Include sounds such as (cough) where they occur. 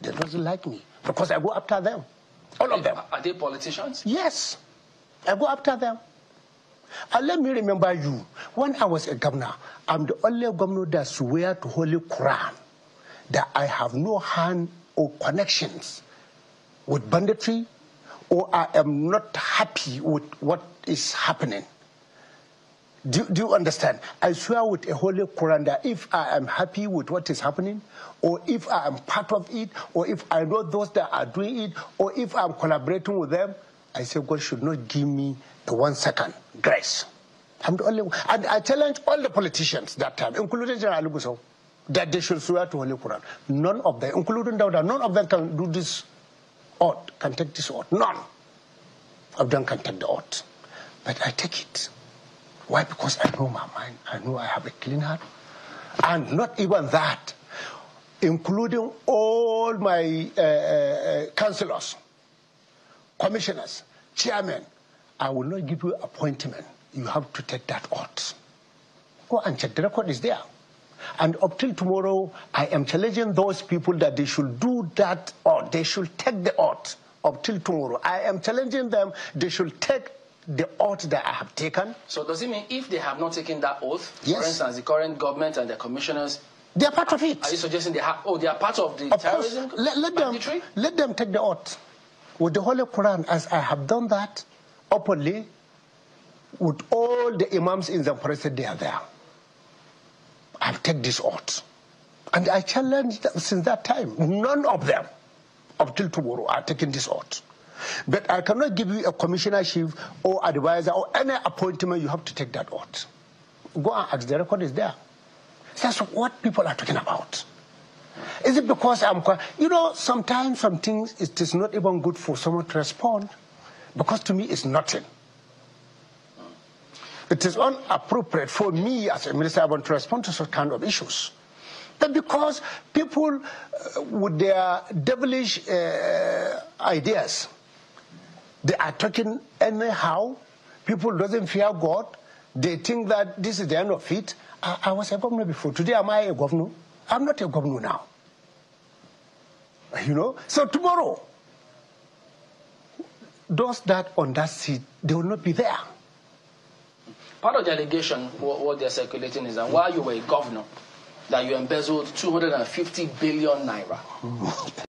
They doesn't like me because I go after them. All of them. Are they politicians? Yes. I go after them. And let me remember you. When I was a governor, I'm the only governor that swear to Holy Quran that I have no hand or connections with banditry or I am not happy with what is happening. Do, do, you understand? I swear with a holy Quran that if I am happy with what is happening, or if I am part of it, or if I know those that are doing it, or if I'm collaborating with them, I say God should not give me a one second grace. I'm the only one. And I challenge all the politicians that time, including General Alubuso, that they should swear to Holy Quran. None of them, including Dawda, none of them can do this oath, can take this oath. None of them can take the oath. But I take it. Why? Because I know my mind. I know I have a clean heart. And not even that, including all my uh, uh, councillors, commissioners, chairmen, I will not give you appointment. You have to take that oath. Go and check. The record is there. And up till tomorrow, I am challenging those people that they should do that or they should take the oath up till tomorrow. I am challenging them, they should take the oath that I have taken. So does it mean if they have not taken that oath, yes. for instance, the current government and the commissioners they are part of it. Are you suggesting they have? Oh, they are part of the of terrorism. Course. Let, let them let them take the oath with the Holy Quran, as I have done that openly with all the imams in the said they are there. I've taken this oath, and I challenge them since that time. None of them, up till tomorrow, are taking this oath. But I cannot give you a commissionership or advisor or any appointment. You have to take that oath. Go and ask. The record is there. That's what people are talking about. Is it because I'm, you know, sometimes some things it is not even good for someone to respond because to me it's nothing. It is inappropriate for me as a minister I want to respond to such kind of issues. But because people uh, with their devilish uh, ideas, they are talking anyhow. People doesn't fear God. They think that this is the end of it. I, I was a governor before. Today, am I a governor? I'm not a governor now. You know? So tomorrow, those that on that seat, they will not be there. Part of the allegation, what, what they're circulating is that while you were a governor, that you embezzled 250 billion naira. (laughs)